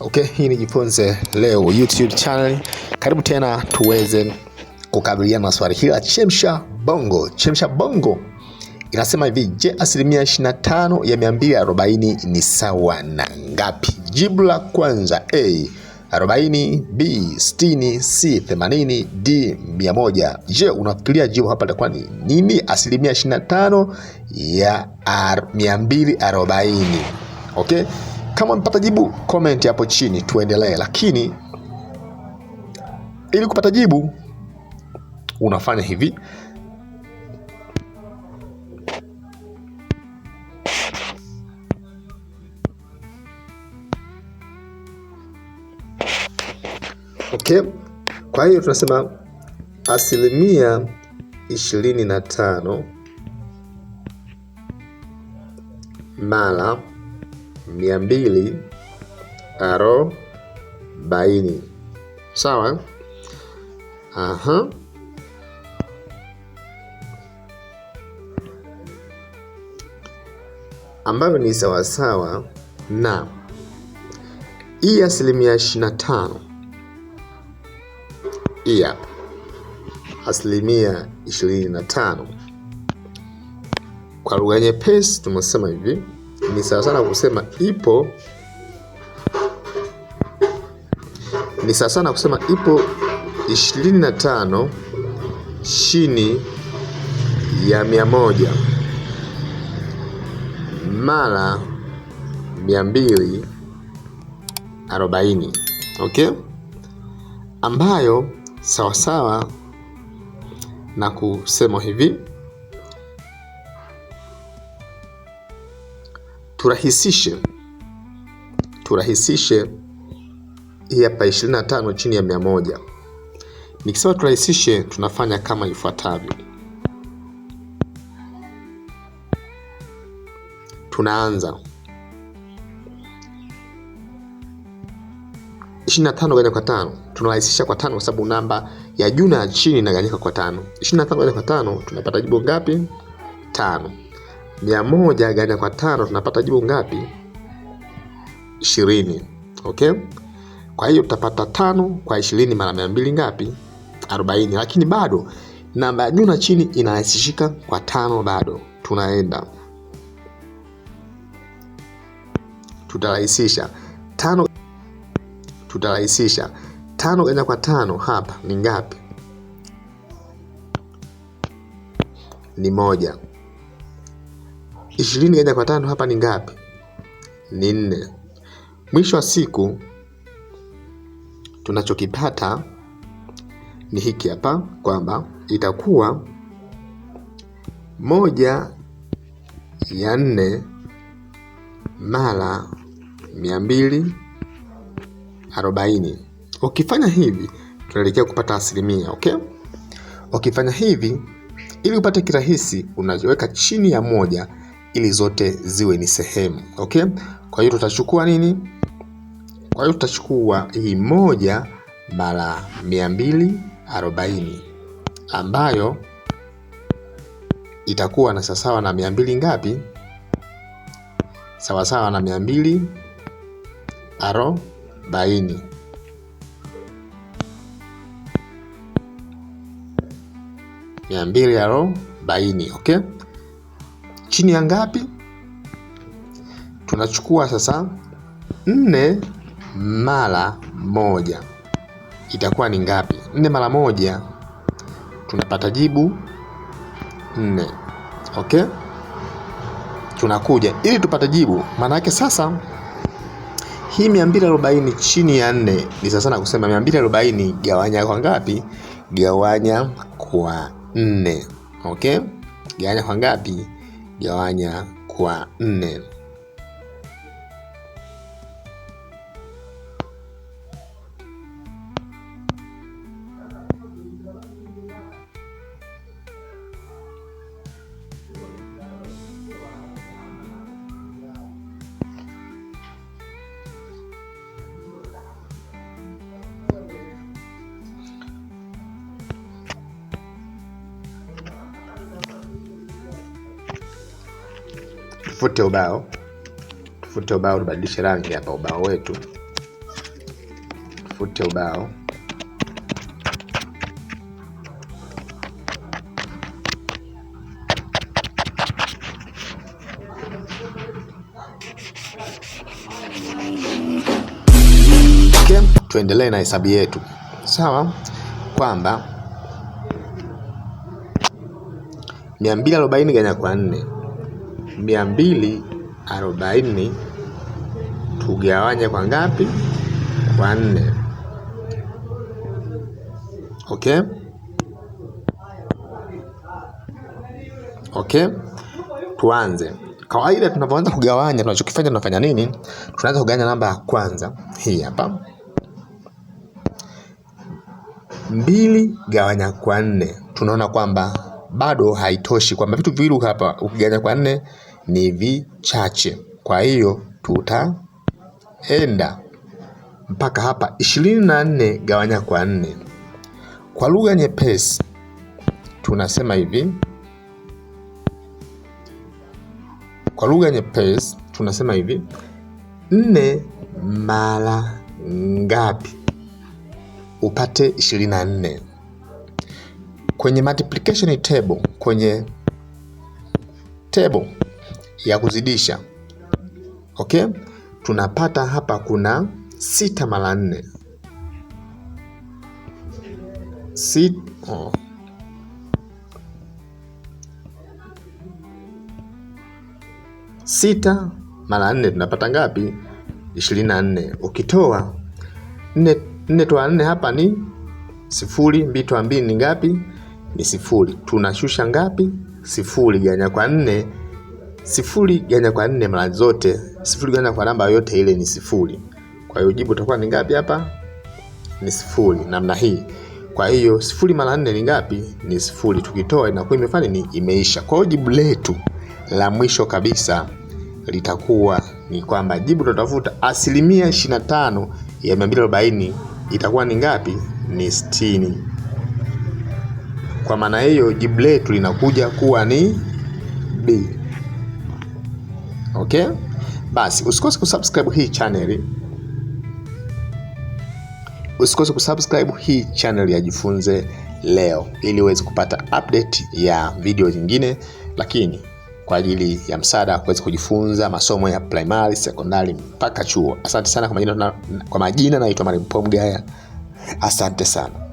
Okay, hii ni Jifunze Leo YouTube channel. Karibu tena tuweze kukabiliana na swali hili la chemsha bongo. Chemsha bongo inasema hivi, je, asilimia 25 ya 240 ni sawa na ngapi? Jibu la kwanza A 40, B 60, C 80, D 100. Je, unafikiria jibu hapa litakuwa ni nini? Asilimia 25 ya 240. Okay? Kama umepata jibu, comment hapo chini tuendelee. Lakini ili kupata jibu unafanya hivi. Okay. Kwa hiyo tunasema asilimia ishirini na tano mara mia mbili arobaini sawa. Aha. ambayo ni sawasawa na hii asilimia 25 hii hapa asilimia 25. Kwa lugha nyepesi tumesema hivi ni sawa sana kusema ipo ni sawa sana kusema ipo ishirini na tano chini ya mia moja mara mia mbili arobaini okay, ambayo sawasawa na kusema hivi turahisishe turahisishe hii hapa 25 chini ya 100. Nikisema turahisishe, tunafanya kama ifuatavyo. Tunaanza 25 gani kwa tano, tunarahisisha kwa tano kwa sababu namba ya juu na chini inaganyika kwa tano. 25 gani kwa tano tunapata jibu ngapi? Tano mia moja gawanya kwa tano tunapata jibu ngapi? Ishirini. Okay, kwa hiyo tutapata tano kwa ishirini mara mia mbili ngapi? Arobaini. Lakini bado namba ya juu na chini inarahisishika kwa tano, bado tunaenda tutarahisisha tano, tutarahisisha tano gawanya kwa tano hapa ni ngapi? Ni moja. Ishirini gaida kwa tano hapa ni ngapi? Ni nne. Mwisho wa siku tunachokipata ni hiki hapa kwamba itakuwa moja ya nne mara mia mbili arobaini. Ukifanya hivi tunaelekea kupata asilimia okay? Ukifanya hivi ili upate kirahisi, unaweka chini ya moja ili zote ziwe ni sehemu okay. Kwa hiyo tutachukua nini? Kwa hiyo tutachukua hii moja mara 240 ambayo itakuwa na sawasawa na 200 ngapi? Sawasawa na 240 240, okay chini ya ngapi? Tunachukua sasa nne mara moja itakuwa ni ngapi? Nne mara moja tunapata jibu nne. Okay, tunakuja ili tupate jibu. Maana yake sasa hii mia mbili arobaini chini ya nne ni sasa na kusema mia mbili arobaini gawanya kwa ngapi? Gawanya kwa nne. Okay, gawanya kwa ngapi? kugawanya kwa nne. Tufute ubao, tufute ubao, tubadilishe rangi hapa ubao wetu. Tufute ubao, tuendelee na hesabu yetu, sawa, kwamba 240 ganya kwa 4 mia mbili arobaini tugawanye kwa ngapi? Kwa nne. Okay? Okay? Tuanze. Kawaida tunapoanza kugawanya, tunachokifanya tunafanya nini? Tunaanza kugawanya namba ya kwanza hii hapa, mbili gawanya kwa nne. Tunaona kwamba bado haitoshi, kwamba vitu viwili hapa ukigawanya kwa nne ni vichache. Kwa hiyo tutaenda mpaka hapa ishirini na nne gawanya kwa nne. Kwa lugha nyepesi tunasema hivi, kwa lugha nyepesi tunasema hivi, nne mara ngapi upate ishirini na nne? Kwenye multiplication table, kwenye table ya kuzidisha okay? Tunapata hapa kuna sita mara nne Sit, oh. Sita mara nne tunapata ngapi? ishirini na nne. Ukitoa nne, nne toa nne hapa ni sifuri, mbili toa mbili ni ngapi? Ni sifuri. Tunashusha ngapi? Sifuri ganya kwa nne Sifuri ganya kwa nne mara zote, sifuri ganya kwa namba yote ile ni sifuri. Kwa hiyo jibu litakuwa ni ngapi hapa? Ni sifuri, namna hii. Kwa hiyo sifuri mara nne ni ngapi? Ni sifuri. Tukitoa inakuwa imefanya ni imeisha. Kwa hiyo jibu letu la mwisho kabisa litakuwa ni kwamba jibu tutatafuta asilimia ishirini na tano ya mia mbili arobaini itakuwa ni ngapi? Ni sitini. Kwa maana hiyo jibu letu linakuja kuwa ni B okay? Basi usikose kusubscribe hii channel, usikose kusubscribe hii channel ya Jifunze Leo ili uweze kupata update ya video nyingine, lakini kwa ajili ya msaada kuweza kujifunza masomo ya primary, sekondari mpaka chuo. Asante sana kwa majina, kwa majina naitwa Marimpomgaya. Asante sana.